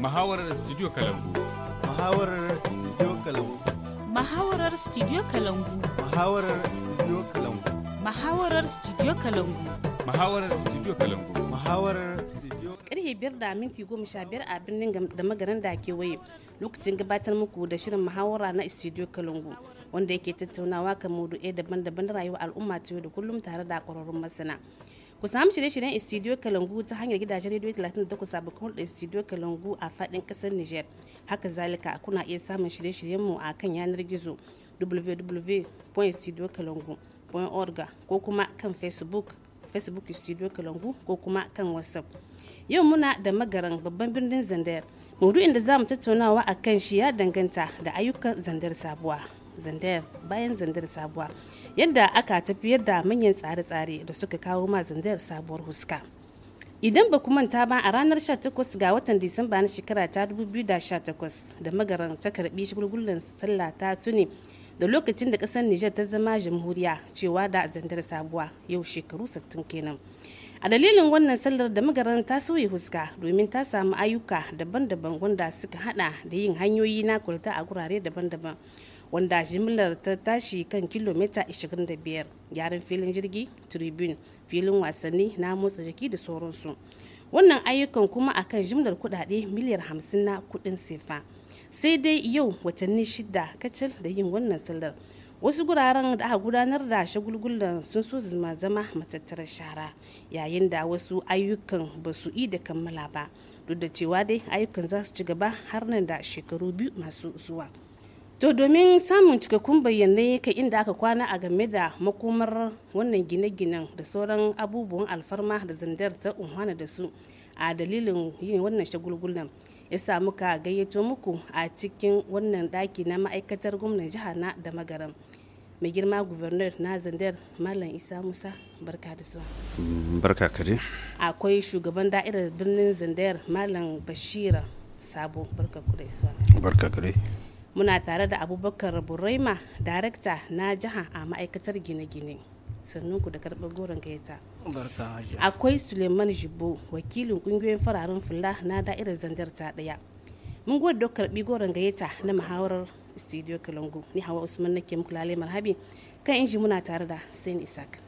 Muhawarar Studio Kalambu. Muhawarar Studio Kalambu. Muhawarar Studio Kalambu. Muhawarar Studio Kalambu. Muhawarar Studio Kalambu. Muhawarar Studio Kalambu. Muhawarar Studio Karfe biyar da minti goma sha biyar a birnin da magaran da waye, lokacin gabatar muku da shirin muhawara na Studio Kalangu wanda yake tattaunawa kan maudu'ai daban-daban na rayuwar al'umma ta yau da kullum tare da ƙwararrun masana. ku samu shirye-shiryen studio kalangu ta hanyar gidajen rediyo 38 sababbin hulɗar studio kalangu a faɗin ƙasar niger haka zalika kuna iya samun shirye-shiryenmu a kan yanar gizo www.studiokalangu.org ko kuma kan facebook facebook studio kalangu ko kuma kan whatsapp yau muna da magaran babban birnin zandar maudu'in da za mu tattaunawa a kan shi ya danganta da ayyukan zandar sabuwa zandar bayan zandar sabuwa yadda aka tafiyar da manyan tsare-tsare da suka kawo ma zanzayar sabuwar huska idan ba ku manta ba a ranar 18 ga watan disamba na shekara ta 2018 da magaran ta karbi shigulgulan sallah ta tuni da lokacin da kasar niger ta zama jamhuriya cewa da zandar sabuwa yau shekaru 60 kenan a dalilin wannan sallar da magaran ta sauya huska domin ta samu ayyuka daban-daban wanda suka hada da yin hanyoyi na kulta a gurare daban-daban wanda jimlar ta tashi kan kilomita 25 gyaran filin jirgi tribune filin wasanni na motsa jiki da sauransu wannan ayyukan kuma akan jimlar kudade miliyar 50 na kudin sefa sai dai yau watanni shida kacal da yin wannan sallar wasu guraren da aka gudanar da shagulgulan sun so zama zama matattarar shara yayin da wasu ayyukan ba su da kammala ba duk da cewa dai ayyukan za su ci gaba har nan da shekaru biyu masu zuwa. To domin samun cikakkun bayanai kan inda aka kwana a game da makomar wannan gine-ginen da sauran abubuwan alfarma da zandar ta unhwana da su a dalilin yin wannan shagulgulan ya samu ka gayyato muku a cikin wannan daki na ma'aikatar gwamnan jiha na da magaram mai girma gubernur na zandar malam isa musa barka da zuwa barka kare akwai shugaban da'irar birnin zandar malam bashira sabo barka kudai Suwa. barka kare muna tare da abubakar buraima darakta na jiha a ma'aikatar gine-gine sannunku da karɓar goron gaita akwai suleiman jibo wakilin ƙungiyoyin fararen fula na da'irar zandar ta ɗaya mun gode da karɓi goron gayyata na muhawarar studio kalangu ni hawa usman nake muku lalai marhabi kan inji muna tare da sain isaac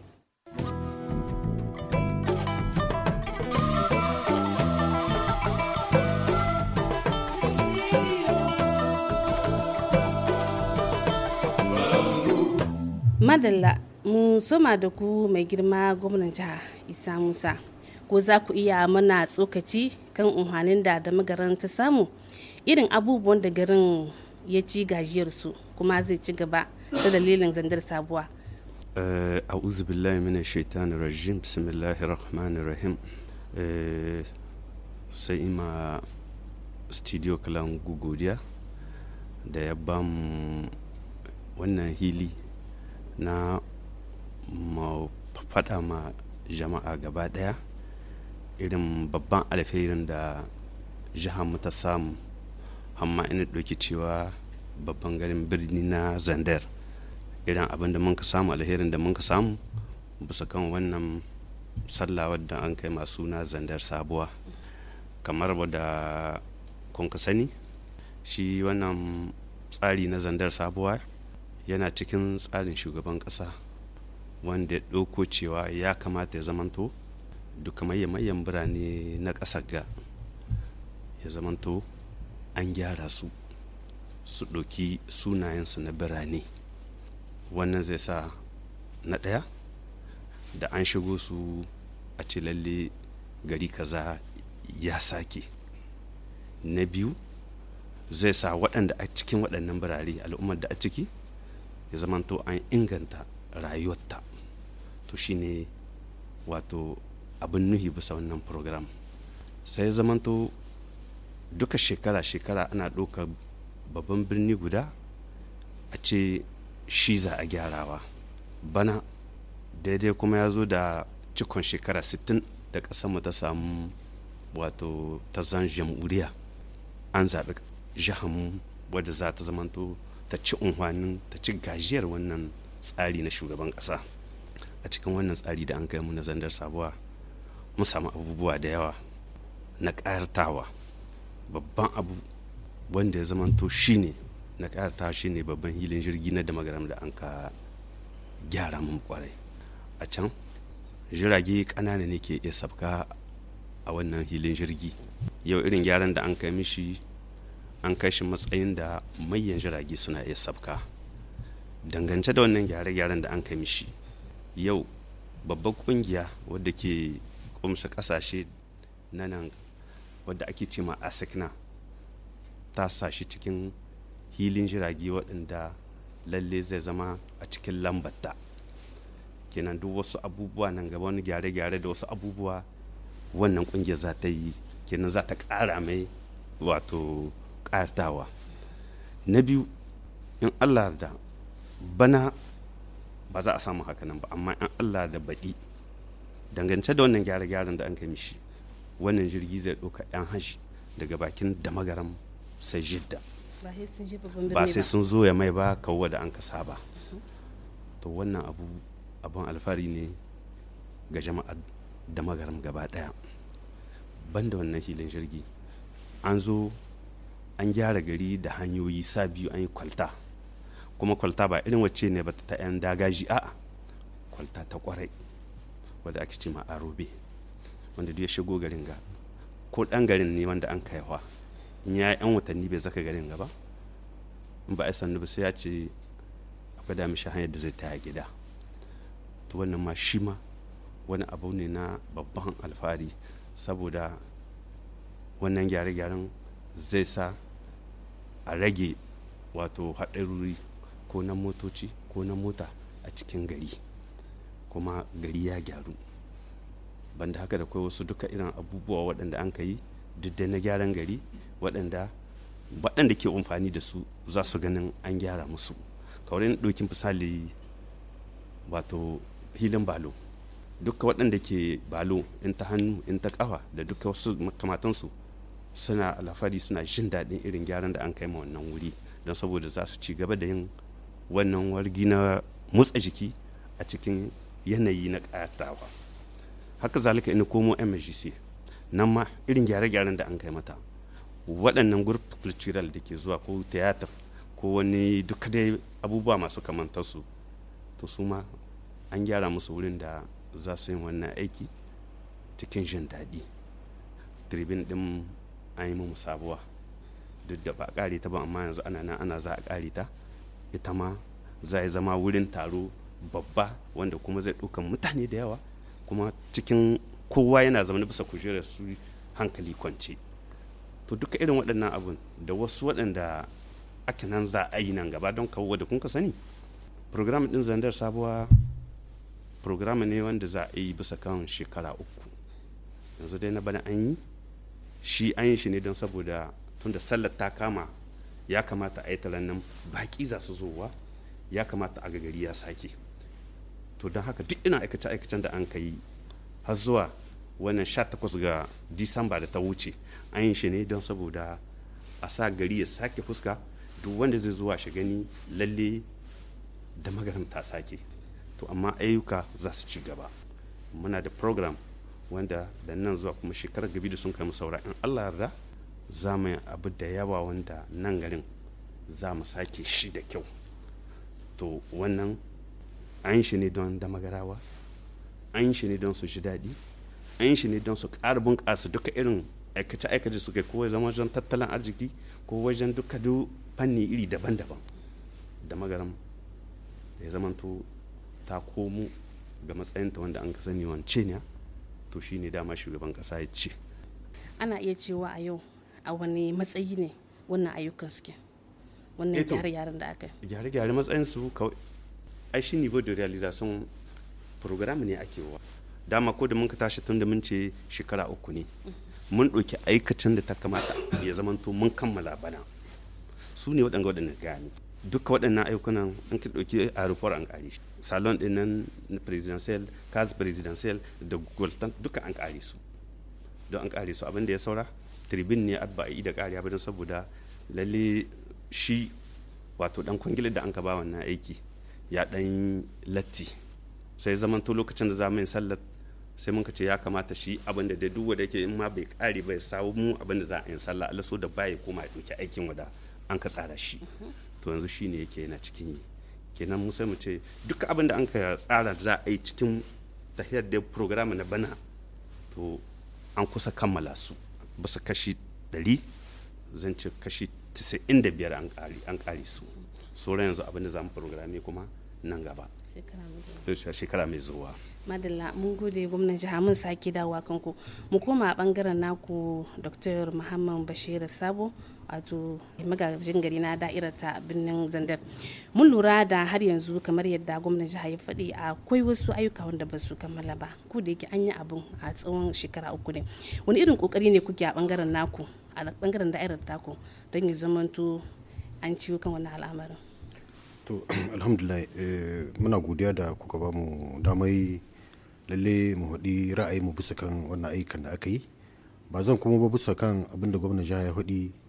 madalla mun soma da ku mai girma gwamnan jiha isa musa ko za ku iya mana tsokaci kan unhanin da da magaran ta samu irin abubuwan da garin ya ci gajiyarsu kuma zai ci gaba ta dalilin zandar sabuwa eh, a uzubillahi mina shaitani rajim bismillahir rahmanir rahim eh, sai ima studio kalan gugudiya da ya bamu wannan hili na faɗa ma jama'a gaba ɗaya irin babban alherin da jihar mu ta samu amma ina ɗauki cewa babban garin birni na zandar irin abin da mun ka samu alherin da mun ka samu bisa kan wannan sallah wadda an kai masu na zandar sabuwa kamar ba da kun ka sani shi wannan tsari na zandar sabuwa yana cikin tsarin shugaban ƙasa wanda doko cewa ya kamata ya zamanto duka mayan birane na ƙasar ga ya zamanto an gyara su su ɗauki sunayensu na birane wannan zai sa na ɗaya da an shigo su a ce lalle gari kaza ya sake na biyu zai sa waɗanda a cikin waɗannan birane al'ummar da a ciki ya zamanto an inganta rayuwarta to shine wato abin nuhi bisa wannan program sai ya zamanto duka shekara-shekara ana ɗaukar babban birni guda a ce shi za a gyarawa bana daidai kuma ya zo da cikon shekara 60 da mu ta samu wato ta zan jam'uriya an zaɓi mu wadda za ta zamanto ta ci unhwanin ta ci gajiyar wannan tsari na shugaban ƙasa a cikin wannan tsari da an kai mu na zandar sabuwa mun samu abubuwa da yawa na ƙartawa babban abu wanda ya zamanto shine na shi shine babban hilin jirgi na damagaram da an ka gyara mun kwarai a can jirage ƙanana ne ke iya sabka a wannan hilin jirgi yau irin gyaran da an kai mishi an kai shi matsayin da mayan jirage suna iya sabka dangance da wannan gyare-gyaren da an kai mishi yau babbar kungiya wadda ke kumsa kasashe na nan wadda ake ce ma asikna ta sashi cikin hilin jirage waɗanda lalle zai zama a cikin lambata kenan duk wasu abubuwa nan gaba wani gyare-gyare da wasu abubuwa wannan kungiyar za ta yi kenan za ta ƙara mai wato ƙartawa na biyu in allah da bana ba za a samu hakanan ba amma in allah da baɗi dangance da wannan gyare-gyaren da an kai mishi wannan jirgi zai ɗauka 'yan haji daga bakin damagaram sai jidda ba sai sun zo ya mai ba kawo da an ka saba to wannan abu abin alfari ne ga jama'ar damagaram gaba ɗaya banda wannan filin jirgi an zo an gyara gari da hanyoyi sa biyu an yi kwalta kuma kwalta ba irin wacce ne ba ta 'yan dagaji a'a kwalta ta kwarai wadda ake ce ma arobe wanda duk ya shigo garin ga ko dan garin ne wanda an kaiwa in ya yan watanni bai zaka garin ba in ba a sannu ba sai ya ce akwai da mishi hanyar da zai taya gida to wannan ma shi ma wani abu ne na babban alfahari saboda wannan gyare-gyaren zai sa a rage wato haɗaruri ko na motoci ko na mota a cikin gari kuma gari ya gyaru banda haka da kai wasu duka irin abubuwa waɗanda an ka yi duk da na gyaran gari waɗanda waɗanda ke amfani da su za su ganin an gyara musu kawai ɗokin fisali wato hilin balo duka waɗanda ke balo in ta hannu in ta ƙafa da duka wasu kamatansu. suna alfahari suna jin daɗin irin gyaran da an kai ma wannan wuri don saboda za su ci gaba da yin wannan wargi na motsa jiki a cikin yanayi na ƙayatawa haka zalika ina komo mgc nan ma irin gyare-gyaren da an kai mata waɗannan group cultural da ke zuwa ko theater ko wani duka dai abubuwa masu kamantarsu to su ma an gyara musu wurin da za su yi wannan aiki cikin jin daɗi tribune ɗin an yi mu sabuwa duk da ba kare ta ba amma yanzu ana nan ana za a kare ta ita ma za a zama wurin taro babba wanda kuma zai ɗaukan mutane da yawa kuma cikin kowa yana zaune bisa kujerar su hankali kwance to duka irin waɗannan abun da wasu waɗanda ake nan za a yi nan gaba don kawo da kun ka sani program ɗin zandar sabuwa program ne wanda za a yi bisa kan shekara uku yanzu dai na bana an yi shi an yi shi ne don saboda tunda sallar ta kama ya kamata a yi talan nan baƙi za su zowa ya kamata a gagari ya sake to don haka duk ina aikace aikacen da an kai har zuwa wannan 18 ga disamba da ta wuce an yi shi ne don saboda a sa gari ya sake fuska duk wanda zai zuwa shi gani lalle da magaram ta sake to amma ayyuka za su ci gaba muna da program wanda da nan zuwa kuma shekarar gabi da sun kai mu saura in allah yarda za mu abu da yawa wanda nan garin za mu sake shi da kyau to wannan an shi ne don damagarawa an shi ne don su ji daɗi an shi ne don su ƙara bunƙasa duka irin aikace-aikace su kai ko zama wajen tattalin arziki ko wajen duka duk fanni iri daban-daban da magaram da ya zamanto ta komo ga matsayinta wanda an ka sani wance to ne dama shugaban kasa ya ce ana iya cewa a yau a wani matsayi ne wannan ayyukan suke wannan eh gyare-gyaren da aka yi gyare-gyare matsayin su kawai ai shi niveau de realization program ne ake wa dama ko da mun ka tashi tun da mun ce shekara uku ne mun ɗauki aikacin da ta kamata ya zamanto mun kammala bana su ne waɗanda waɗanda gani duka waɗannan ayyukan an ka ɗauki a an ƙari shi salon din nan presidential cas presidential da gultan duka an kare su don an kare su abin da ya saura tribune ne abba a da kariya ba saboda lalle shi wato dan kwangilar da an ka ba wannan aiki ya dan latti sai zamanto lokacin da zamu sallar sai mun ce ya kamata shi abin da duk wanda yake in ma bai kare bai samu mu abin da za a yi sallah Allah so da baya koma ya dauki aikin wanda an ka tsara shi mhm. to yanzu shine yake yana cikin yi kenan mu sai mu ce duk abin da an ka tsara za a yi cikin tafiyar da program na bana to an kusa kammala su basa kashi 100 zan ce kashi 95 an biyar an kare su sauran yanzu abin da za mu programe kuma nan gaba shekara mai zuwa madalla mun gode gwamnan jiha mun sake dawo kanku mu koma a bangaren naku dr muhammad bashir sabo wato magajin gari na da'irar ta birnin zandar mun lura da har yanzu kamar yadda gwamnan jiha ya faɗi akwai wasu ayyuka wanda ba su kammala ba ko da yake an yi abun a tsawon shekara uku ne wani irin kokari ne kuke a bangaren naku a bangaren da'irar taku don ya zamanto an ciwo kan wani al'amarin to alhamdulillah eh, muna godiya da kuka bamu mu damai lalle mu haɗi ra'ayi mu bisa kan wannan ayyukan da aka yi ba zan kuma ba bisa kan abin da gwamnan jiha ya haɗi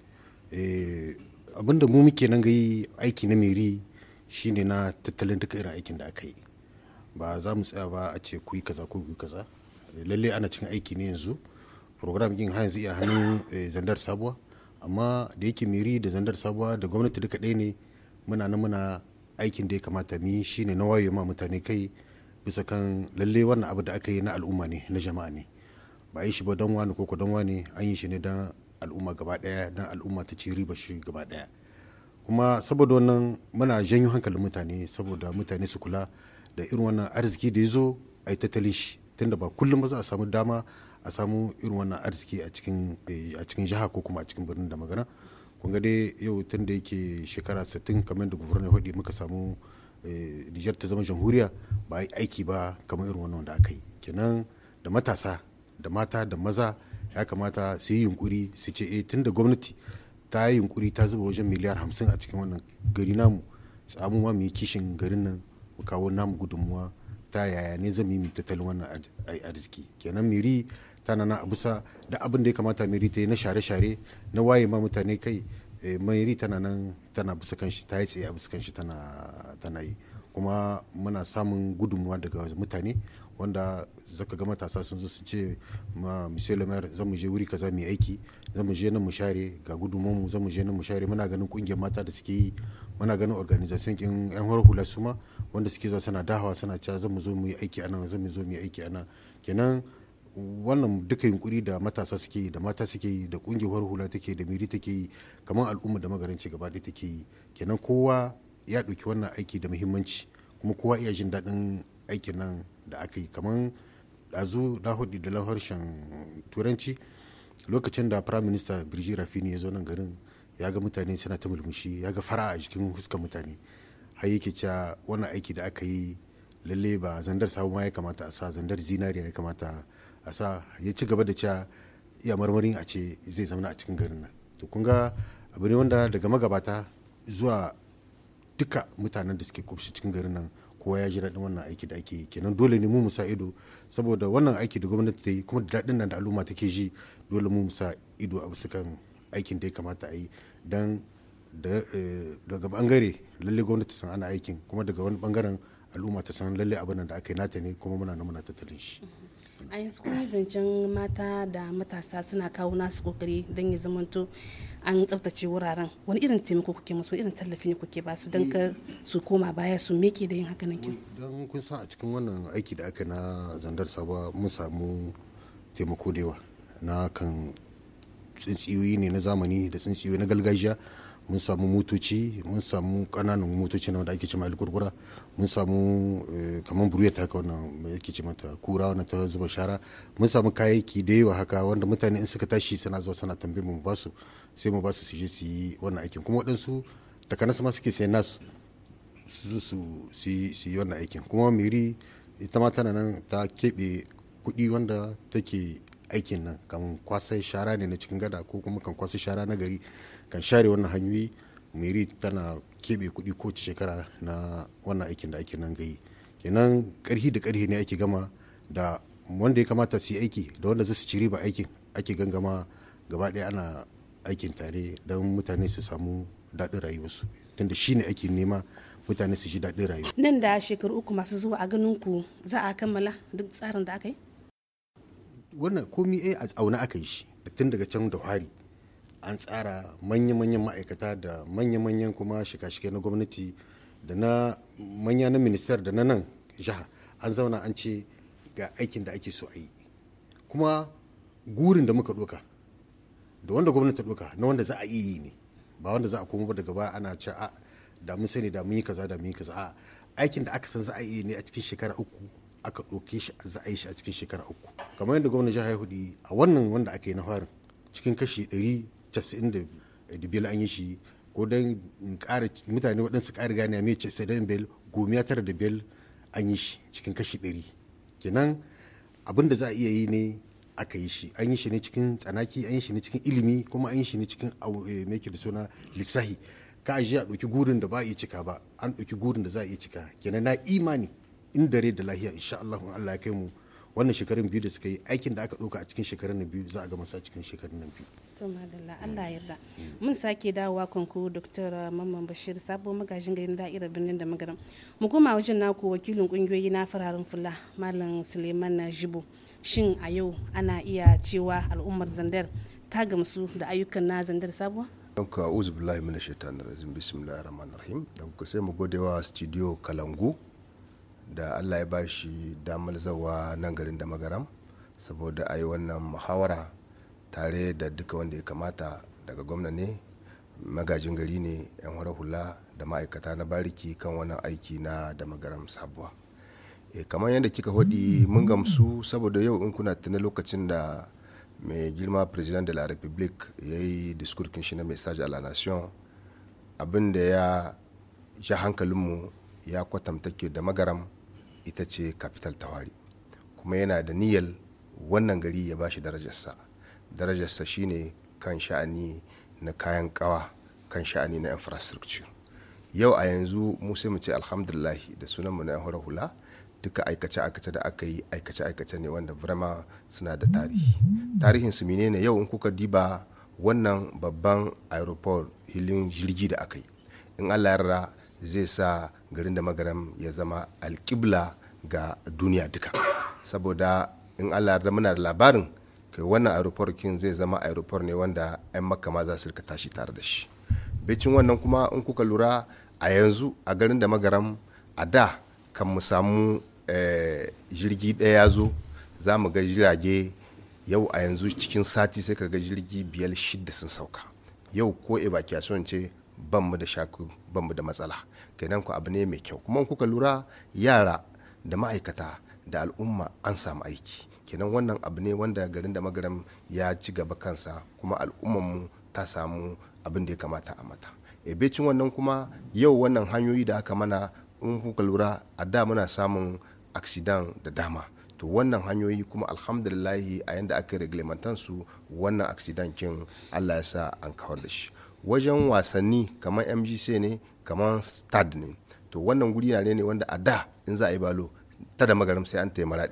Eh, abinda mu muke nan gai aiki na meri shine na tattalin duka irin aikin da aka yi ba za mu tsaya ba a ce ku yi kaza ku yi kaza eh, lalle ana cikin aiki ne yanzu program yin ha yanzu iya hannun eh, zandar sabuwa amma da yake meri da zandar sabuwa da gwamnati duka ɗaya ne muna nan muna aikin da ya kamata mu yi shine na wayo ma mutane kai bisa kan lalle wannan abu da aka yi na al'umma ne na jama'a ne ba a yi shi ba don wani ko don wani an yi shi ne don al'umma gaba daya don al'umma ta ci riba shi gaba daya kuma saboda wannan muna janyo hankalin mutane saboda mutane su kula da irin wannan arziki da ya zo a yi tattali shi tunda ba kullum ba za a samu dama a samu irin wannan arziki a cikin eh, jiha ko kuma a cikin birnin da magana kun ga dai yau tun da yake shekara 60 kamar da gwamnati hudu muka samu eh, Nijar ta zama jamhuriya ba yi aiki ba kamar irin wannan da aka yi kenan da matasa da mata da maza ya kamata su yi yunkuri su ce eh tunda gwamnati ta yi yunkuri ta zuba wajen miliyar hamsin a cikin wannan gari namu tsamu ma mu yi kishin garin nan mu kawo namu gudunmuwa ta yaya ne zan yi tattalin wannan arziki kenan miri tana na abusa da abin da ya kamata miri ta yi na share-share na waye ma mutane kai eh, miri tana nan tana busa kanshi ta yi tsaye a busa kanshi tana yi kuma muna samun gudunmuwa daga mutane wanda zaka ga matasa sun zo su ce ma monsieur le maire zamu je wuri kaza mu aiki zamu je nan mu share ga gudunmuwan mu zamu je nan mu share muna ganin kungiyar mata da suke yi muna ganin organization kin yan hor hula suma wanda suke zuwa sana dahawa sana cewa zamu zo mu yi aiki anan zamu zo mu yi aiki anan kenan wannan duka yunkuri da matasa suke yi da mata suke yi da kungiyar hula take da miri take yi kamar al'umma da magarin ci gaba ɗaya take yi kenan kowa ya ɗauki wannan aiki da muhimmanci kuma kowa iya jin daɗin aikin nan da aka yi kamar ɗazu na hudu da harshen turanci lokacin da prime minister birji rafini ya zo nan garin ya ga mutane suna ta mulmushi ya ga fara a jikin huskan mutane har yake cewa wannan aiki da aka yi lalle ba zandar sabu ma ya kamata a sa zandar zinariya ya kamata a sa ya ci gaba da cewa iya marmarin a ce zai zama a cikin garin nan to kun ga abu ne wanda daga magabata zuwa duka mutanen da suke kubshi cikin garin nan kowa ya ji daɗin wannan aiki da ake yi kenan dole ne mu mu sa ido saboda wannan aiki da gwamnati ta yi kuma da daɗin nan da al'umma take ji dole mu mu sa ido a bisa kan aikin da ya kamata a yi dan eh, daga bangare lalle gwamnati san ana aikin kuma daga wani bangaren al'umma ta san lalle abin da aka yi nata ne kuma muna nan muna tattalin shi a yanzu kuma zancen mata da matasa suna kawo nasu kokari don ya zamanto an tsabtace wuraren wani irin taimako kuke musu irin tallafi ne kuke basu don ka su koma baya su meke da yin haka nan kin don kun san a cikin wannan aiki da aka na zandar saba mun samu taimako da yawa na kan tsintsiyoyi ne na zamani da tsintsiyoyi na gargajiya mun samu motoci mun samu kananan motoci na wanda ake cima alkurkura mun samu eh, kamar buruya ta wannan mai cima kura wannan ta zuba shara mun samu kayayyaki da yawa haka wanda mutane in suka tashi suna zuwa sana tambaye mu basu sai mu basu su je su yi wannan aikin kuma waɗansu takanas ma suke sai nasu su su yi wannan aikin kuma miri ita ma tana nan ta keɓe kuɗi wanda take aikin nan kamar kwasai shara ne na cikin gada ko kuma kan kwasai shara na gari kan share wannan hanyoyi mairi tana keɓe kuɗi ko shekara na wannan aikin da ake nan gayi kenan ƙarfi da ƙarfi ne ake gama da wanda ya kamata su yi aiki da wanda zai su ci riba aikin ake gangama gaba ɗaya ana aikin tare don mutane su samu daɗin rayuwarsu tunda shi ne ake nema mutane su ji daɗin rayuwa. nan da shekaru uku masu zuwa a ganin ku za a kammala duk tsarin da aka yi wannan komi a auna aka yi shi tun daga can da hari an tsara manya-manyan ma'aikata da manya-manyan kuma shika-shike na gwamnati da na manya na ministar da na nan jiha an zauna an ce ga aikin da ake so a yi kuma gurin da muka doka da wanda gwamnati ta doka na wanda za a yi ne ba wanda za a koma ba daga baya ana ce a da mun sani da mun yi kaza da mun yi kaza a aikin da aka san za a yi ne a cikin shekara uku aka ɗauke shi za a yi shi a cikin shekara uku kamar yadda gwamnati jihar hudu a wannan wanda aka yi na farin cikin kashi ɗari 92 da eh, an yi shi ko don mutane waɗansu ƙara gane mai ce sai dan bel gomiya tara da bel an yi shi cikin kashi ɗari kenan abin da za a iya yi ne aka yi shi an yi shi ne cikin tsanaki an yi shi ne cikin ilimi kuma an yi shi ne cikin eh, mai da suna lissahi ka ji a ɗauki gurin da ba a iya cika ba an ɗauki gurin da za a iya cika kenan na imani in dare da lahiya insha Allah in Allah ya kai mu wannan shekarun biyu da suka yi aikin da aka ɗauka a cikin shekarun biyu za a gama sa cikin shekarun biyu Allah yarda mun sake dawowa kanku Dr. Uh, Mamman Bashir sabo magajin garin da'irar birnin da magaram mu koma wajen naku wakilin kungiyoyi na fararen fula Malam Suleiman Najibu shin a yau ana iya cewa al'ummar Zandar ta gamsu da ayyukan na Zandar sabuwa donc a'udhu billahi minash shaitanir rajim bismillahir rahmanir rahim ku sai mu gode wa studio Kalangu da Allah ya bashi damar zawa nan garin da magaram saboda ayi wannan muhawara tare da duka wanda ya kamata daga gwamna ne magajin gari ne 'yan wara hula da ma'aikata na bariki kan wani aiki na da magaram sabuwa e, kamar yadda kika hudi mun gamsu saboda yau in kuna tuna lokacin da mai girma president de la republique ya yi diskurkin shi na message a la nation abin da ya sha hankalinmu ya kwatanta ke da magaram ita ce capital tawari kuma yana da niyyar wannan gari ya bashi darajarsa darajarsa shine kan sha'ani na kayan kawa kan sha'ani na infrastructure yau a yanzu mu sai mu ce alhamdulillahi da sunanmu na yahura hula duka aikace-aikace da aka yi aikace-aikace ne wanda vrema suna da tarihi tarihin su menene yau in kuka diba wannan babban aeroport hilin jirgi da aka yi in allah yarra zai sa garin da magaram ya zama alkibla ga duniya duka saboda in allah yarda muna da labarin kai wannan aeroport kin zai zama aeroport ne wanda 'yan makama ma za su rika tashi tare da shi bicin wannan kuma in kuka lura a yanzu a garin da magaram a da kan mu samu eh, jirgi ɗaya ya zo za mu ga jirage yau a yanzu cikin sati sai ka ga jirgi biyar shida sun sauka yau ko evacuation ce ban mu da shaku ban mu da matsala kenan ku abu ne mai kyau kuma in kuka lura yara da ma'aikata da al'umma an samu aiki kenan wannan abu ne wanda garin da magaram ya ci gaba kansa kuma mu ta samu abin da ya kamata a mata ebecin wannan kuma yau wannan hanyoyi da aka mana in kuka lura a da muna samun aksidan da dama to wannan hanyoyi kuma alhamdulillahi a yanda aka reglementan su wannan aksidan kin allah ya sa an kawar da shi wajen wasanni kamar mgc ne kamar stad ne to wannan guri ne wanda a da in za a yi balo ta da magaram sai an taimara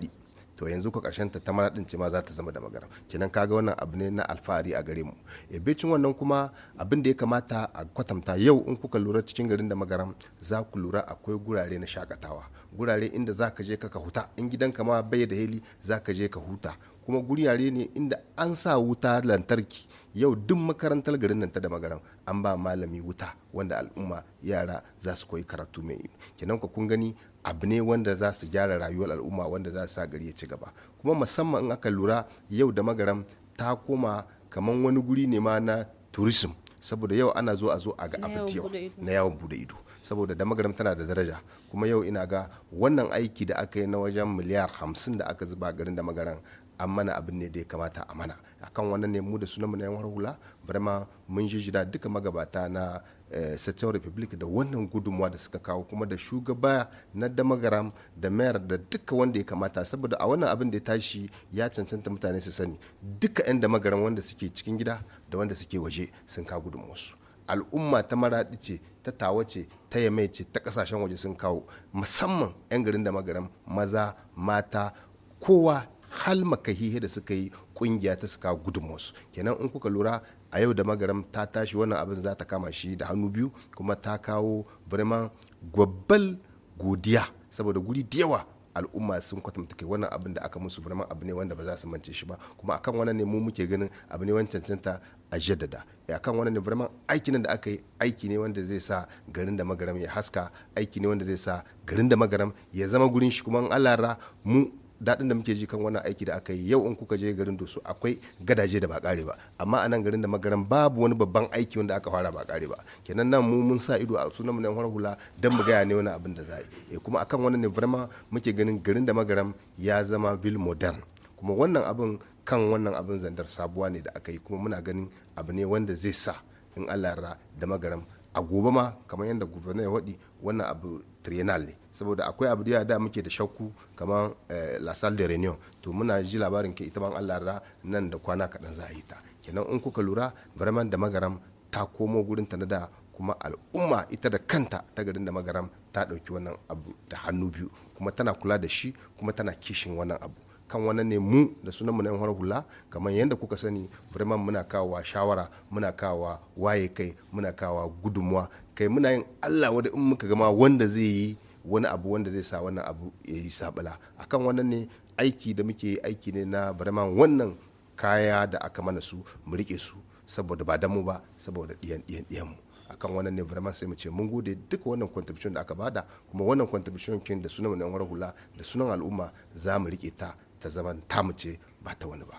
to yanzu ko karshen ta ta maraɗin ce ma za ta zama da magaram kenan kaga wannan abu ne na alfahari a gare mu eh, bicin wannan kuma abin da ya kamata a kwatanta yau in kuka lura cikin garin da magaram za ku lura akwai gurare na shakatawa gurare inda za ka je ka huta in gidanka ma bai da heli za ka je ka huta kuma guriyare ne inda an sa wuta lantarki yau duk makarantar garin nan ta da magaram an ba malami wuta wanda al'umma yara za su koyi karatu mai kenan ku kun gani abu ne wanda za su gyara rayuwar al'umma wanda za su sa gari ya ci gaba kuma musamman in aka lura yau da magaram ta koma kamar wani guri ne ma na tourism saboda yau ana zo a zo a ga abu na yawon bude ido saboda da magaram tana da daraja kuma yau ina ga wannan aiki da aka yi na wajen miliyar hamsin da aka zuba garin da magaran an mana abin ne da ya kamata a mana akan wannan ne mu da sunanmu na yan hula vraiment mun jijjira duka magabata na Eh, Sector Republic da wannan gudunmuwa da suka kawo kuma da shugaba na Damagaram da mayar da duka wanda ya kamata saboda a wannan abin da ya tashi ya cancanta mutane su sani duka 'yan Damagaram wanda suke cikin gida da wanda suke waje sun kawo gudunmuwarsu. al'umma ta maraɗi ce ta tawa ce ta yamai ce ta kasashen waje sun kawo musamman 'yan garin Damagaram maza mata kowa hal makahihe da suka yi ƙungiya ta suka gudunmuwarsu kenan in kuka lura a yau da magaram ta tashi wannan abin za ta kama shi da hannu biyu kuma ta kawo birman gwabbal godiya saboda guri da yawa al'umma sun kwatanta kai wannan abin da aka musu birman abu ne wanda ba za su mance shi ba kuma akan wannan ne mu muke ganin abu ne wancan cancanta a jaddada ya eh, kan wannan ne birman aikin da aka yi aiki ne wanda zai sa garin da magaram ya haska aiki ne wanda zai sa garin da magaram ya zama gurin shi kuma an Allah mu daɗin da muke ji kan wannan aiki da aka yi yau in kuka je garin dosu akwai gadaje da ba kare ba amma a nan garin da magaran babu wani babban aiki wanda aka fara ba kare ba kenan nan mu mun sa ido a sunan mu ne har hula dan mu gaya ne wani abin da za a yi eh, kuma akan wannan ne vraiment muke ganin garin da magaran ya zama ville modern kuma wannan abin kan wannan abin zandar sabuwa ne da aka yi kuma muna ganin abu ne wanda zai sa in Allah da magaram a gobe ma kamar yadda gwamnati ya waɗi wannan abu trienal ne saboda akwai abu da da muke da shakku kamar eh, la salle de reunion to muna ji labarin ke ita ban Allah ra nan da kwana kaɗan za a yi ta kenan in kuka lura vraiment da magaram ta komo gurin ta da kuma al'umma ita da kanta ta garin da magaram ta ɗauki wannan abu da hannu biyu kuma tana kula da shi kuma tana kishin wannan abu kan wannan ne mu da sunan mu na yan hula kamar yadda kuka sani vraiment muna kawa shawara muna kawa waye kai muna kawa gudunmuwa kai muna yin Allah wadda in muka gama wanda zai yi wani abu wanda zai sa wannan abu ya yi a akan wannan ne aiki da muke aiki ne na vraiment wannan kaya da aka mana su mu rike su saboda ba damu ba saboda diyan diyan diyan mu akan wannan ne vraiment sai mu ce mun gode duk wannan contribution da aka bada kuma wannan contribution kin da sunan wannan hula da sunan al'umma za mu rike ta ta zama tamu ce ba ta wani ba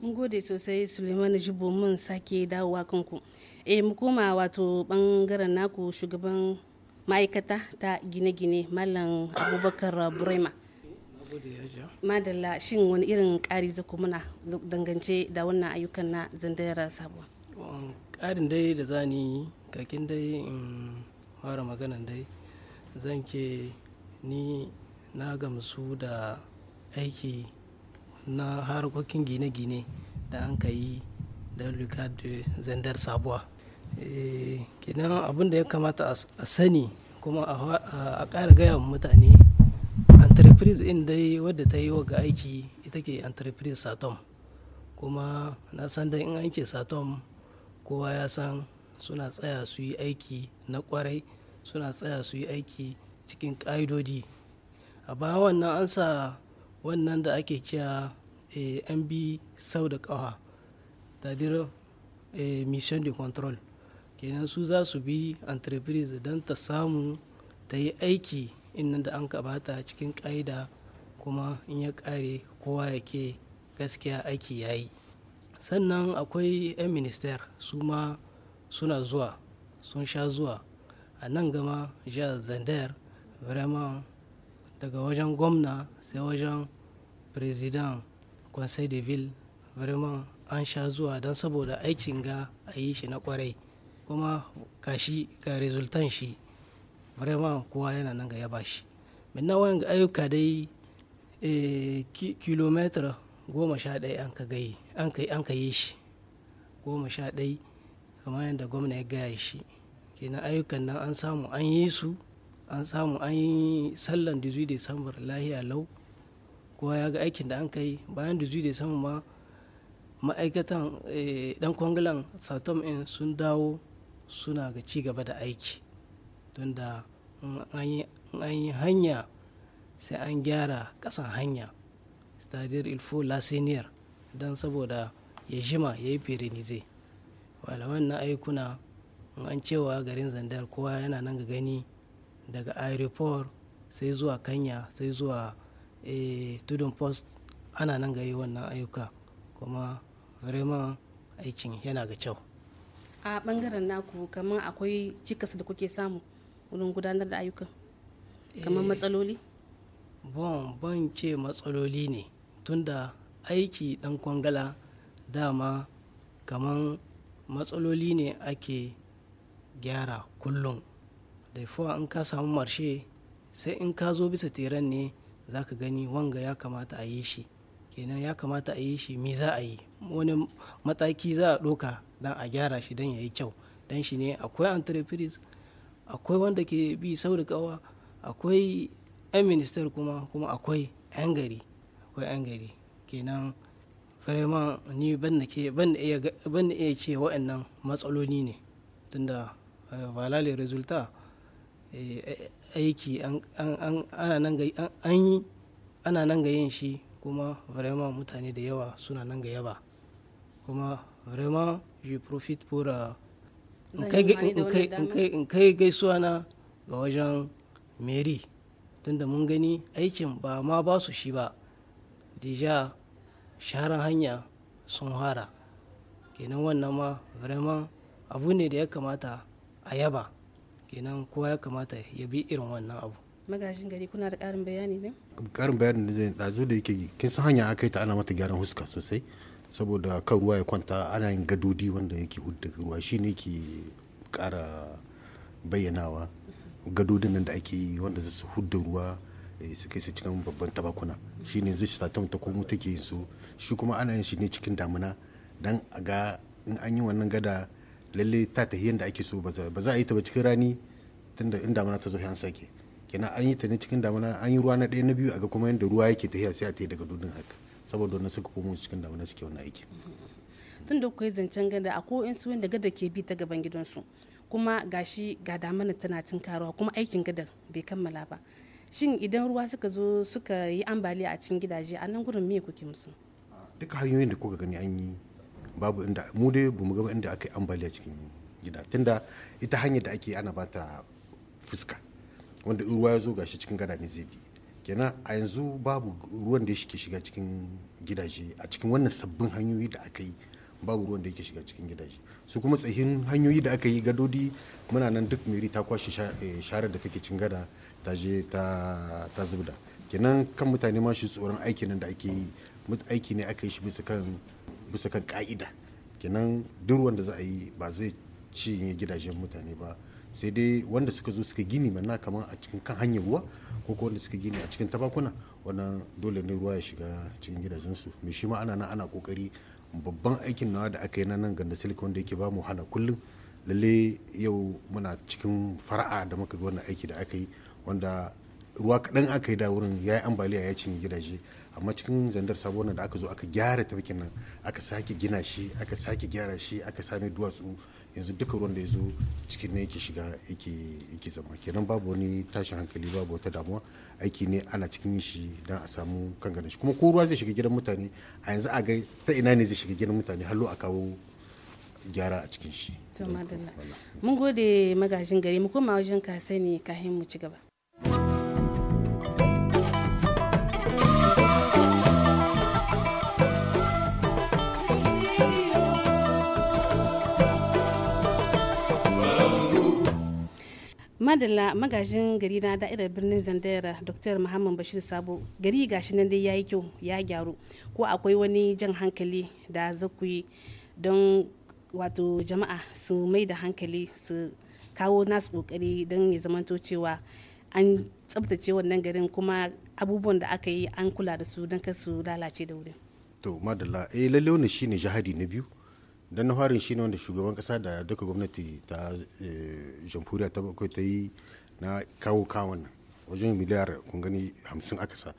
mun gode sosai suleiman jibo mun sake dawowa kanku eh mu koma wato bangaren naku shugaban ma'aikata ta gine-gine mallam abubakar burema madalla shin wani irin ƙari za muna dangance da wannan ayyukan na zandarar sabuwa ƙarin dai da zani kakin dai in fara maganan dai zan ke ni na gamsu da aiki na harkokin gine-gine da an ka yi da luka da zandar sabuwa gidan eh, abin da ya kamata a sani kuma a ƙara gaya wa mutane entreprise in dai wadda ta yi wa ga aiki ita ke entreprise satom kuma na san da in an ke satom kowa ya san suna tsaya su yi aiki na kwarai suna tsaya su yi aiki cikin ƙa'idodi a bayan wannan an sa wannan da ake cewa an bi sau da ƙawa tadir eh, mission de control kenan su za su bi entreprise don ta samu ta yi aiki inda da an kabata cikin ƙa'ida kuma in ya ƙare kowa ya ke gaskiya aiki ya yi sannan akwai 'yan minister su ma suna zuwa sun sha zuwa a nan gama jihar zandar vraiment daga wajen gwamna sai wajen président conseil de ville vraiment an sha zuwa don saboda aikin ga a yi shi na kwarai kuma shi ga resultan shi vraiment kowa yana nan ga yaba shi minna wayan ga ayyuka dai eh, kilometer goma sha ɗaya an ka yi shi goma sha ɗaya kamar yadda gwamna ya gaya shi kenan ayyukan nan an samu an yi su an samu an yi sallan 18 december lahiya lau kowa ya ga aikin da an kai bayan da da samu ma ma'aikatan dan eh, kwangilan satom in sun dawo suna ga ci gaba da aiki don da an yi hanya sai an gyara kasan hanya stadir ilfo la senior don saboda ya jima ya yi perenize wala na aikuna an cewa garin zandar kowa yana nan ga gani daga aeroport sai zuwa kanya sai zuwa Eh, tudun post ana nan yi wannan ayyuka kuma vraiment aikin yana ga kyau a bangaren naku kamar akwai cikas da kuke samu wurin gudanar da ayyukan kamar eh, matsaloli bon ban ce matsaloli ne tunda aiki dan kwangala dama kamar matsaloli ne ake gyara kullum da in ka samu marshe sai in ka zo bisa teren ne za ka gani wanga ya kamata a yi shi kenan ya kamata a yi shi mi za a yi wani mataki za a ɗoka don a gyara shi don ya yi kyau don shi ne akwai entreprise akwai wanda ke bi kawa akwai 'yan minister kuma kuma akwai 'yan gari akwai 'yan gari kenan vraiment ni ban da iya ce waɗannan matsaloli ne tunda valale eh, resultat eh, eh, aiki ana nan ga yin shi kuma vraiment mutane da yawa suna nan ga yaba kuma vraiment je profite pour euh, in kai gaisuwa na ga wajen mary tunda mun gani aikin ba ma ba su shi ba deja sharan hanya sun hara kenan wannan ma vraiment abu ne da ya kamata a yaba kenan kowa ya kamata ya bi irin wannan abu magajin gari kuna da karin bayani ne karin bayani da zai dazu da yake kin san hanya aka yi ta ana mata gyaran huska sosai saboda kan ruwa ya kwanta ana yin gadodi wanda yake hudda ruwa shine ke kara bayyanawa gadodin nan da ake yi wanda za su hudda ruwa eh, su kai su cikin babban tabakuna shine zai shi ta komo take yin su shi kuma ana yin shi ne cikin damina dan a ga in an yi wannan gada lalle ta tafi yadda ake so ba za a yi ta ba cikin rani tunda in damana ta zo an sake kenan an yi ta ne cikin damana an yi ruwa na ɗaya na biyu a ga kuma yadda ruwa yake tafiya sai a yi daga dudun haka saboda wannan suka komo cikin damana suke wannan aiki tun da kuka yi zancen gada a ko in wanda gada ke bi ta gaban gidansu kuma gashi ga damana tana tun karuwa kuma aikin gada bai kammala ba shin idan ruwa suka zo suka yi ambaliya a cikin gidaje a nan gurin me kuke musu duka hanyoyin da kuka gani an yi babu inda mu dai bamu gaba inda aka yi ambaliya cikin gida tunda ita hanyar da ake ana bata fuska wanda ruwa ya zo gashi cikin gada ne zai bi kenan a yanzu babu ruwan da yake shiga cikin gidaje a cikin wannan sabbin hanyoyi da aka yi babu ruwan da yake shiga cikin gidaje su kuma tsahin hanyoyi da aka yi gadodi muna nan duk meri ta kwashe eh, sharar da take cin gada ta je ta zubda kenan kan mutane ma shi tsoron aikin da ake yi aiki ne aka yi shi bisa kan bisa kan ka'ida kenan duk wanda za a yi ba zai cinye gidajen mutane ba sai dai wanda suka zo suka gini manna kamar a cikin kan hanyar ruwa ko ko wanda suka gini a cikin tabakuna wannan dole ne ruwa ya shiga cikin gidajensu mai shi ma ana nan ana kokari babban aikin nawa da aka yi na nan ganda silik wanda yake ba mu hana kullum lalle yau muna cikin fara'a da muka ga wannan aiki da aka yi wanda ruwa kaɗan aka yi da wurin ya yi ambaliya ya cinye gidaje amma cikin zandar sabon da aka zo aka gyara tafkin nan aka sake gina shi aka sake gyara shi aka sami duwatsu yanzu duka ruwan da ya zo cikin ne yake shiga yake zama kenan babu wani tashin hankali babu wata damuwa aiki ne ana cikin shi don a samu kan shi kuma ko ruwa zai shiga gidan mutane a yanzu a ga ta ina ne zai shiga gidan mutane hallo a kawo gyara a cikin shi. mun gode magajin gari mu koma wajen ka sani kahin mu ci gaba. madalla magajin gari na da'irar birnin zandera dr muhammad bashir sabo gari gashi nan dai ya yi kyau ya gyaru ko akwai wani jan hankali da zaku yi don wato jama'a su mai da hankali su kawo nasu kokari don ya zamanto cewa an tsabtace wannan garin kuma abubuwan da aka yi an kula da su don kasu lalace da wuri. to madalla eh lalle wannan shine jihadi na biyu dan na farin shine wanda shugaban kasa da duka gwamnati ta eh, jamhuriya ta bakwai ta yi na kawo kawon nan wajen miliyar kun gani hamsin aka sa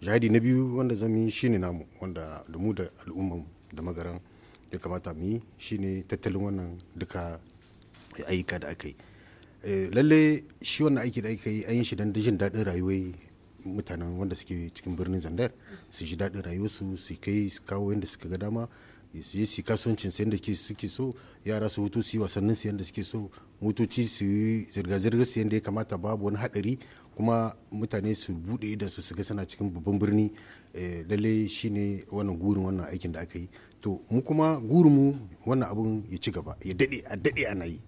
jihadi na biyu wanda zan yi shine namu wanda da mu da al'umman da magaran da kamata mu yi shine tattalin wannan duka ayyuka da aka yi eh, lalle shi wannan aiki da aka yi an yi shi don jin daɗin rayuwar mutanen wanda suke cikin birnin zandar su ji daɗin rayuwarsu su kai su kawo yadda suka ga dama su yi su kasuwancin sayan da suke so yara su hutu su yi wasannin sayan da suke so motoci su yi zirga-zirga sayan da ya kamata babu wani hadari kuma mutane su bude idan su shiga suna cikin babban birni eh, lalle shine wannan gurin wannan aikin da aka yi to mu kuma gurin mu wannan abun ya ci gaba ya dade a dade ana yi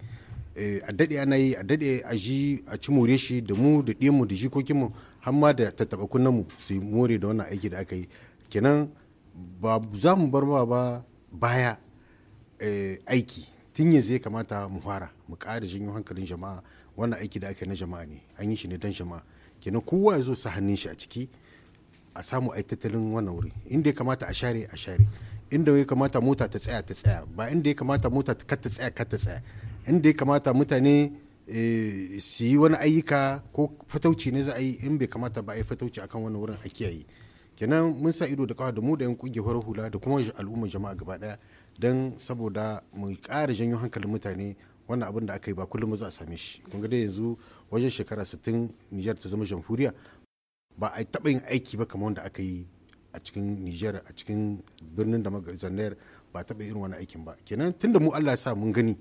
eh, a daɗe ana yi a daɗe a ji a ci more shi da mu da mu da mu har ma da kunnan mu su more da wannan aiki da aka yi kenan ba za mu bar ba baya eh, aiki tun yanzu ya kamata mu fara mu ƙara janyo hankalin jama'a wannan aiki da aka na jama'a ne an yi shi ne don jama'a kenan kowa ya zo sa hannun shi a ciki a samu a tattalin wannan wuri inda ya kamata a share a share inda ya kamata mota ta tsaya ta tsaya ba inda ya kamata mota ta kata tsaya kata tsaya inda ya kamata mutane eh, su yi wani ayyuka ko fatauci ne za a yi in bai kamata ba a yi fatauci akan wani wurin a kiyaye kenan mun sa ido da kawa da mu da yan kungiyar hula da kuma al'umma jama'a gaba daya don saboda mu ƙara janyo hankalin mutane wannan abin da aka yi ba kullum za a same shi kun ga dai yanzu wajen shekara 60 Nijar ta zama jamhuriya ba a taɓa yin aiki ba kamar wanda aka yi a cikin Niger a cikin birnin da Zandayar ba taɓa irin wani aikin ba kenan tunda mu Allah ya sa mun gani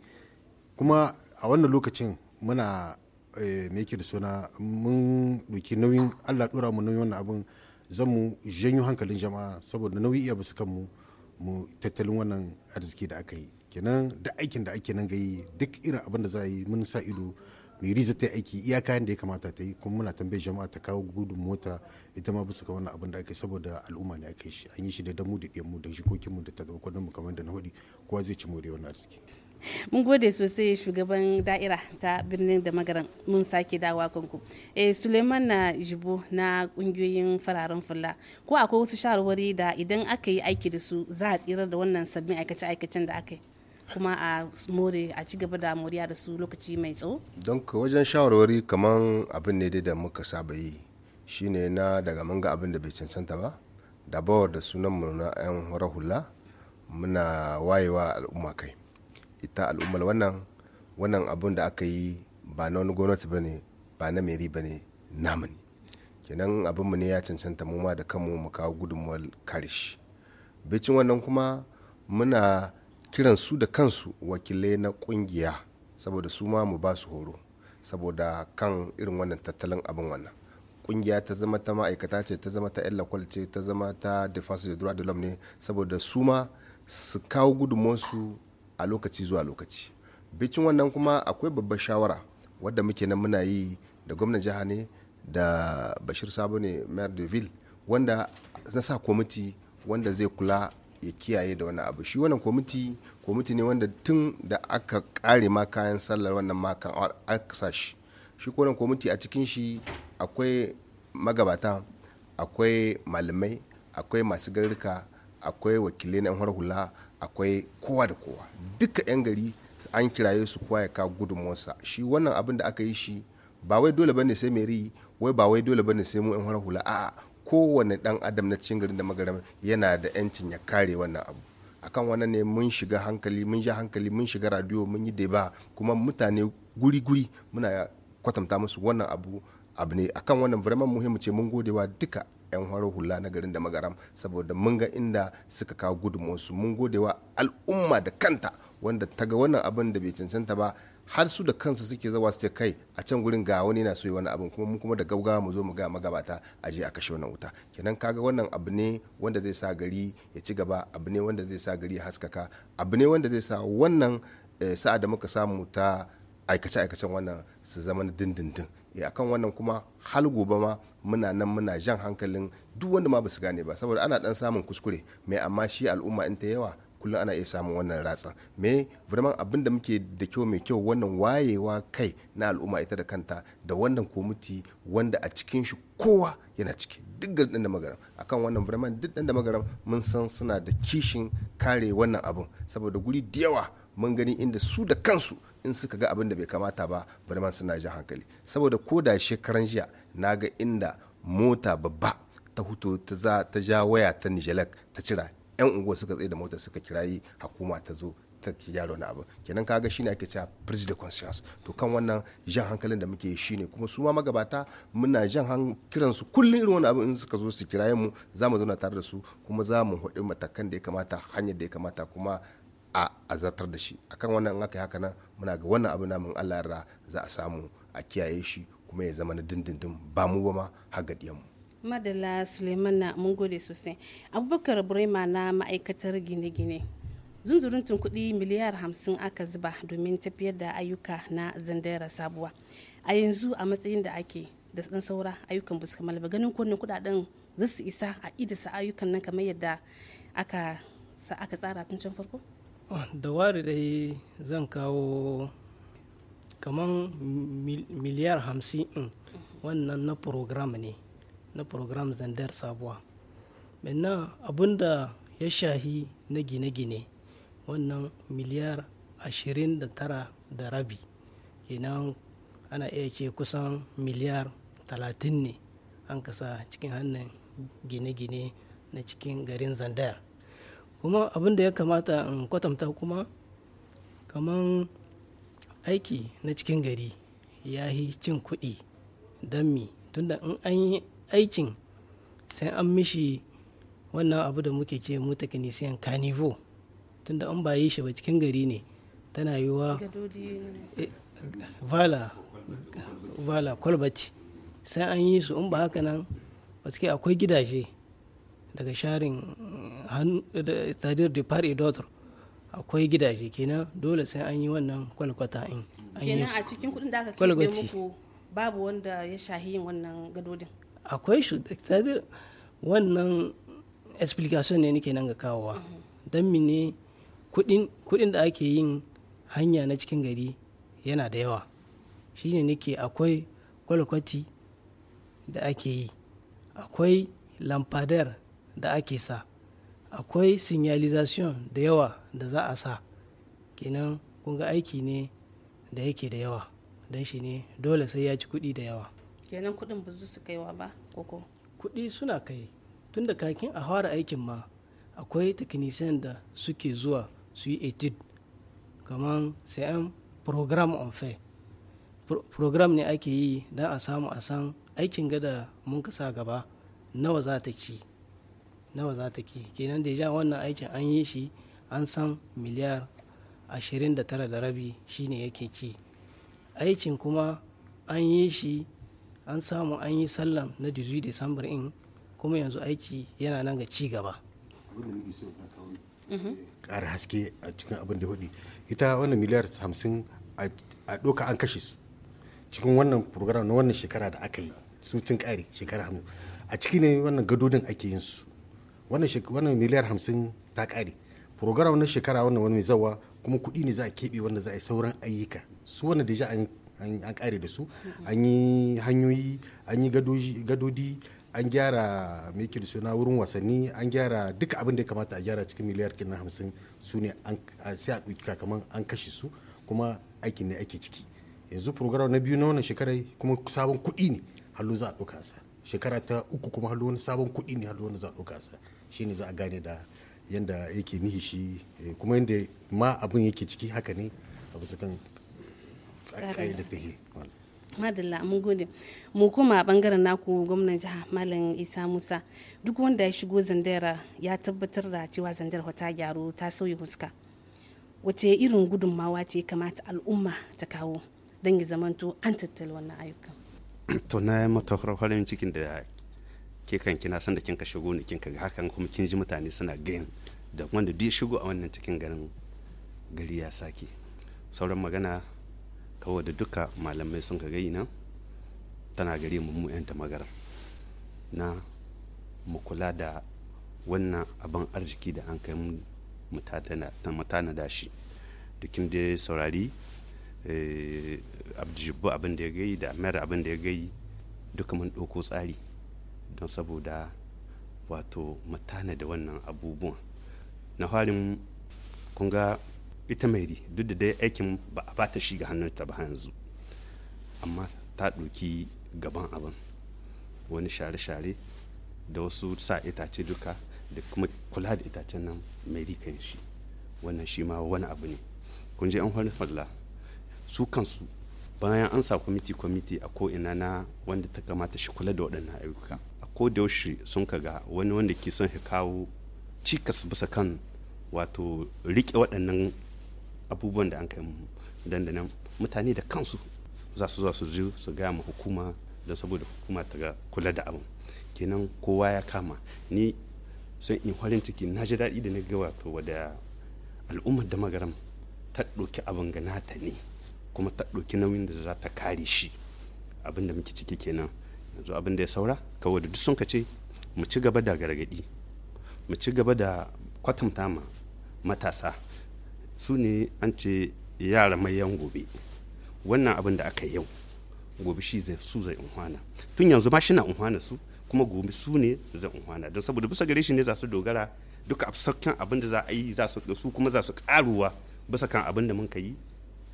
kuma a wannan lokacin muna eh, me yake da suna mun doki nauyin Allah dora mu nauyin wannan abin zan mu janyo hankalin jama'a saboda nauyi iya basu kanmu mu tattalin wannan arziki da aka yi kenan da aikin da ake nan gayi duk irin abin da za a yi mun sa ido mai riza ta aiki iya kayan da ya kamata ta yi kuma muna tambayar jama'a ta kawo gudun mota ita ma bisa ga wannan abin da aka yi saboda al'umma ne aka yi shi an yi shi da damu da ɗiyanmu da jikokinmu da ta mu kamar da na hudu kowa zai ci more wannan arziki mun gode sosai shugaban da'ira ta birnin da magaran mun sake dawa kanku e, suleiman na jibo na kungiyoyin fararen fulla ko akwai wasu shawarwari da idan aka yi aiki da su za a tsirar da wannan sabbin aikace-aikacen da aka yi kuma a more a ci gaba da moriya da su lokaci mai tsawo don wajen shawarwari kamar abin ne dai da muka saba yi shine na daga manga abin da bai cancanta ba da bawar da sunan mu na 'yan hula muna wayewa al'umma kai ita al'ummar wannan wannan abun da aka yi ba na wani gwamnati ba ne ba na meri ba ne namu ne kenan abinmu ne ya cancanta mu ma da kanmu mu kawo gudunmuwar karish bicin wannan kuma muna kiran su da kansu wakilai na kungiya saboda su ma mu ba su horo saboda kan irin wannan tattalin abin wannan kungiya ta zama ta ma'aikata ce ta zama ta lakwal ce ta zama ta defense da droit de l'homme ne saboda su ma su kawo su. a lokaci zuwa lokaci bicin wannan kuma akwai babbar shawara wadda muke nan muna yi da gwamnan jiha ne da bashir sabo ne mayor de ville wanda na sa kwamiti wanda zai kula ya kiyaye da wani abu shi wannan kwamiti kwamiti ne wanda tun da aka kare ma kayan sallar wannan makan aka shi shi wannan kwamiti a cikin shi akwai magabata akwai malamai akwai masu garurka akwai wakilai na hula akwai kowa da kowa duka 'yan gari an kiraye su kowa ya ka gudunmuwarsa shi wannan abin da aka yi shi ba wai dole bane sai ri wai ba wai dole bane sai mu yan hula hula a'a kowane dan adam na cikin garin da magaram yana da yancin ya kare wannan abu akan wannan ne mun shiga hankali mun ja hankali mun shiga radio mun yi deba kuma mutane guri guri muna kwatanta musu wannan abu abu ne akan wannan vraiment muhimmi ce mun gode wa duka 'yan horo hula na garin da magaram saboda mun ga inda suka kawo gudunmuwarsu mun wa al'umma da kanta wanda ta ga wannan abin da bai cancanta ba har su da kansu suke zawa su ce kai a can gurin ga wani na so yi wani abin kuma mun kuma da gaugawa mu zo mu ga magabata a je a kashe wannan wuta kenan kaga wannan abu ne wanda zai sa gari ya ci gaba abu ne wanda zai sa gari ya haskaka abu ne wanda zai sa wannan eh, sa'a da muka samu ta aikace-aikacen wannan su zama dindindin Eh, akan wannan kuma hal gobe ma muna nan muna jan hankalin duk wanda ma ba su gane ba saboda ana dan samun kuskure mai amma shi al'umma in ta yawa kullum ana iya samun wannan ratsa me vraiment abin da muke da kyau mai kyau wannan wayewa kai na al'umma ita da kanta da wannan komiti wanda a cikin shi kowa yana ciki duk garin da magaram akan wannan vraiment duk da magaram mun san suna da kishin kare wannan abun saboda guri da yawa mun gani inda su da kansu in suka ga abin da bai kamata ba bari man suna jin hankali saboda ko da shekaran jiya na ga inda mota babba ta huto ta za ja waya ta nijalak ta cira yan unguwa suka tsaye da mota suka kirayi hukuma ta zo ta gyara wani abu kenan kaga shine ake cewa bridge the conscience to kan wannan jan hankalin da muke shine kuma su ma magabata muna jan kiran su kullun irin wani abu in suka zo su kiraye mu za mu zauna tare da su kuma za mu haɗu matakan da ya kamata hanyar da ya kamata kuma a azartar da shi akan wannan aka yi haka nan muna ga wannan abu namun Allah yarda za a samu a kiyaye shi kuma ya zama na dindindin ba mu ba ma har ga mu madalla suleiman na mun gode sosai abubakar burema na ma'aikatar gine-gine zunzuruntun kuɗi miliyar hamsin aka zuba domin tafiyar da ayyuka na zandera sabuwa a yanzu a matsayin da ake da ɗan saura ayyukan ba su kammala ba ganin kunnen kuɗaɗen za isa a idasa ayyukan nan kamar yadda aka tsara tun can farko da wari dai zan kawo kaman miliyar hamsin wannan na program ne na program zandar sabuwa menna abinda ya shahi na gine-gine wannan miliyar ashirin da tara da rabi kenan ana iya ce kusan miliyar talatin ne an kasa cikin hannun gine-gine na cikin garin zandar kuma abin da ya kamata in kwatanta kuma kaman aiki na cikin gari ya yi cin kuɗi don mi tunda in an yi aikin sai an mishi wannan abu da muke ce mu technician kanivo tunda in ba yi shi ba cikin gari ne tana yi eh, vala vala kwalbati sai an yi su in ba haka nan ba akwai gidaje daga sharin c'est-à-dire de part et d'autre akwai gidaje kenan dole sai an yi wannan kwalkwata in kenan a cikin kudin da aka muku babu wanda ya shahi yin wannan gadodin akwai shi c'est-à-dire wannan explication ne nake nan ga kawowa mhm. don mine kudin da ake yin hanya na cikin gari yana da yawa shine nake akwai kwalkwati da ake yi akwai lampadar da ake sa akwai signalization da yawa da za a sa kenan ga aiki ne da yake da yawa don shi ne dole sai ya ci kuɗi da yawa kenan kuɗin ba su kaiwa ba koko kuɗi suna kai tun da kakin a fara aikin ma akwai technician da suke zuwa su yi etid kamar sai an program on fair program ne ake yi don a samu a san aikin gada mun kasa gaba nawa za ta ci nawa za ta ke kenan deja wannan aikin an yi shi an san miliyar 29 da rabi shi ne yake ci aikin kuma an yi shi an samu an yi sallam na 18 disambar in kuma yanzu aiki yana nan ga ci gaba mhm. eh, ƙara haske a cikin abin da hudu ita wannan miliyar 50 a doka an kashe su cikin wannan program na wannan shekara da aka yi su tun kare shekara 50 a ciki ne wannan gadodin ake yin su wannan miliyar hamsin ta kare program na shekara wannan wani zawa kuma kuɗi ne za a keɓe wanda za a yi sauran ayyuka su wanda da an kare da su an yi hanyoyi an yi gadodi an gyara mai suna wurin wasanni an gyara duka abin da ya kamata a gyara cikin miliyar na hamsin su ne sai a ɗauki kakaman an kashe su kuma aikin ne ake ciki yanzu program na biyu na wannan shekara kuma sabon kuɗi ne hallo za a ɗauka sa shekara ta uku kuma hallo wani sabon kuɗi ne hallo wani za a ɗauka sa shine za a gane da yadda yake nihi shi eh, kuma yadda ma abun yake ciki haka ne a bisa kan da fahe madalla mun gode mu kuma a bangaren naku gwamnan jiha malam isa musa duk wanda ya shigo zandera ya tabbatar da cewa zandera ta gyaru ta sauya huska wace irin gudunmawa ce kamata al'umma ta kawo don ya zamanto an tattala wannan ayyukan to na yi mata farin cikin da ke kan kina san da kin ka shigo ne kin ka hakan kuma kin ji mutane suna gain da wanda duk shigo a wannan cikin garin gari ya sake sauran magana kawai da duka malamai sun ka gai nan tana gare mu mu yan magara na mu kula da wannan abin arziki da an kai mu mutana da shi dukin da saurari eh, abdu abin da ya gai da mayar abin da ya gai duka mun ɗauko tsari don saboda wato mutane da wannan abubuwan na farin kunga ita mairi duk da dai aikin ba a bata shi ga ta ba yanzu amma ta ɗoki gaban abin wani share-share da wasu sa itace duka da kuma kula da itacen nan mairi kan shi wannan shi ma wani abu ne kun je an farin falla su kansu bayan an sa kwamiti-kwamiti a ko'ina na wanda ta kamata shi kula da waɗannan ayyuka ko da yaushe sun ga wani wanda ke son ya kawo cikas bisa kan wato rike waɗannan abubuwan da an kai dandanan mutane da kansu za su zuwa su zo su gaya ma hukuma don saboda hukuma ta ga kula da abin kenan kowa ya kama ni sun in farin ciki na ji daɗi da na ga wato wada al'ummar da magaram ta ɗauki abin ga nata ne kuma ta ɗauki nauyin da za ta kare shi abin da muke ciki kenan yanzu abin da ya saura kawai da duk sun ce mu ci gaba da gargaɗi mu ci gaba da kwatanta ma matasa su ne an ce yara mayan gobe wannan abin da aka yau gobe shi zai su zai unhwana tun yanzu ma shi na unhwana su kuma gobe su ne zai unhwana don saboda bisa gare shi ne za su dogara duka absakken abin da za a yi za su su kuma za su karuwa bisa kan abin da mun ka yi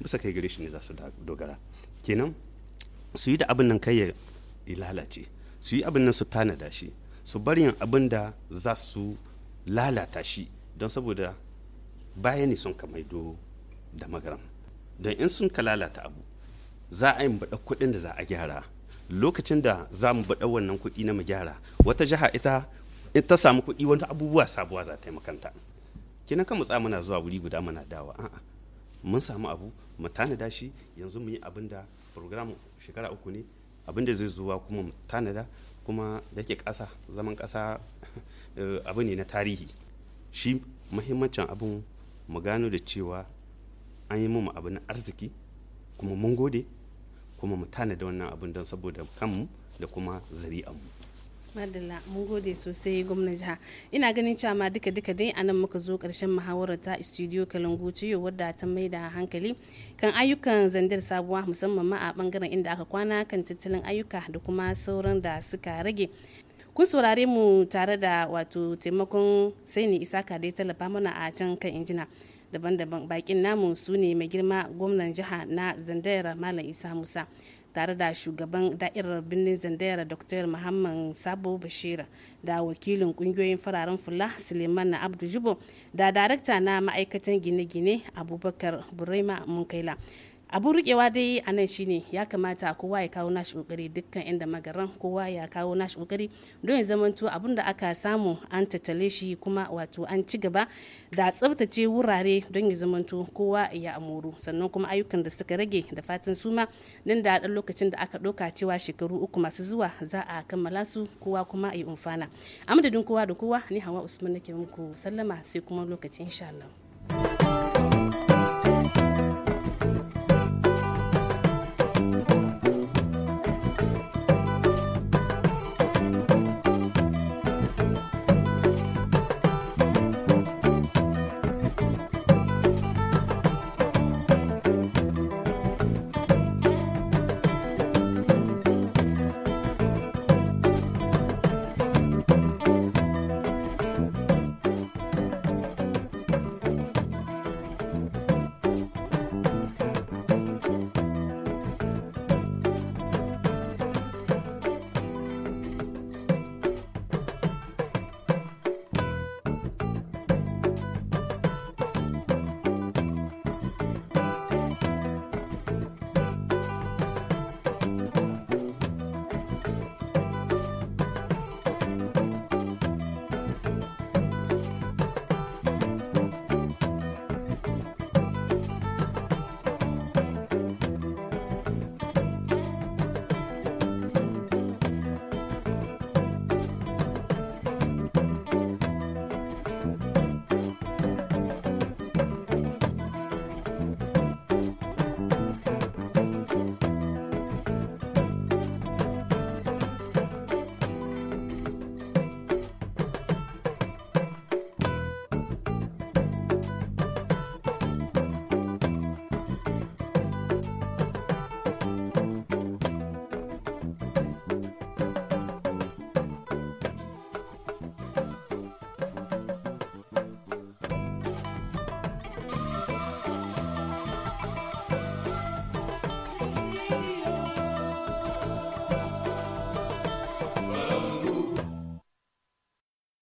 bisa kai gare shi ne za su dogara kenan su yi da abin nan kai lalace su yi abin nan su tanada shi su bar yin abin da za su lalata shi don saboda baya ne sun maido da magaram don in sun ka lalata abu za a yi baɗa kuɗin da za a gyara lokacin da za mu baɗa wannan kuɗi na mu gyara wata jiha ita ta samu kuɗi wani abubuwa sabuwa za ta yi makanta kina kan mutsa muna zuwa wuri guda muna dawa a'a mun samu abu mu tanada shi yanzu mu yi abin da program shekara uku ne abin da zai zuwa kuma mu tanada kuma da ke ƙasa zaman ƙasa eh, abu ne na tarihi shi mahimmancin abin mu gano da cewa an yi mu abu na arziki kuma mun gode kuma mu tanada wannan abin don saboda kanmu da kuma zari'anmu madalla mun gode sosai gwamnan jiha ina ganin cewa ma duka duka dai anan muka zo karshen muhawarar ta studio kalangu ciyo wadda ta mai da hankali kan ayyukan zandar sabuwa musamman ma a bangaren inda aka kwana kan tattalin ayyuka da kuma sauran da suka rage kun saurare mu tare da wato taimakon sai ne ka dai tallafa mana a can kan injina daban-daban bakin namu su ne mai girma gwamnan jiha na zandayar malam isa musa tare da shugaban da'irar birnin zandayar dr muhammad sabo bashira da wakilin kungiyoyin fararen fula suleiman na abdu da darakta na ma'aikatan gine-gine abubakar burima munkaila abun rikewa dai a nan shine ya kamata kowa ya kawo nashi kokari dukkan inda magaran kowa ya kawo nashi kokari don ya zamanto abun da aka samu an tattale shi kuma wato an ci gaba da tsabtace wurare don ya zamanto kowa ya amuru sannan kuma ayyukan da suka rage da fatan suma nan da dan lokacin da aka doka cewa shekaru uku masu zuwa za a kammala su kowa kuma yi umfana amadadin kowa da kowa ni hawa usman nake muku sallama sai kuma lokacin insha Allah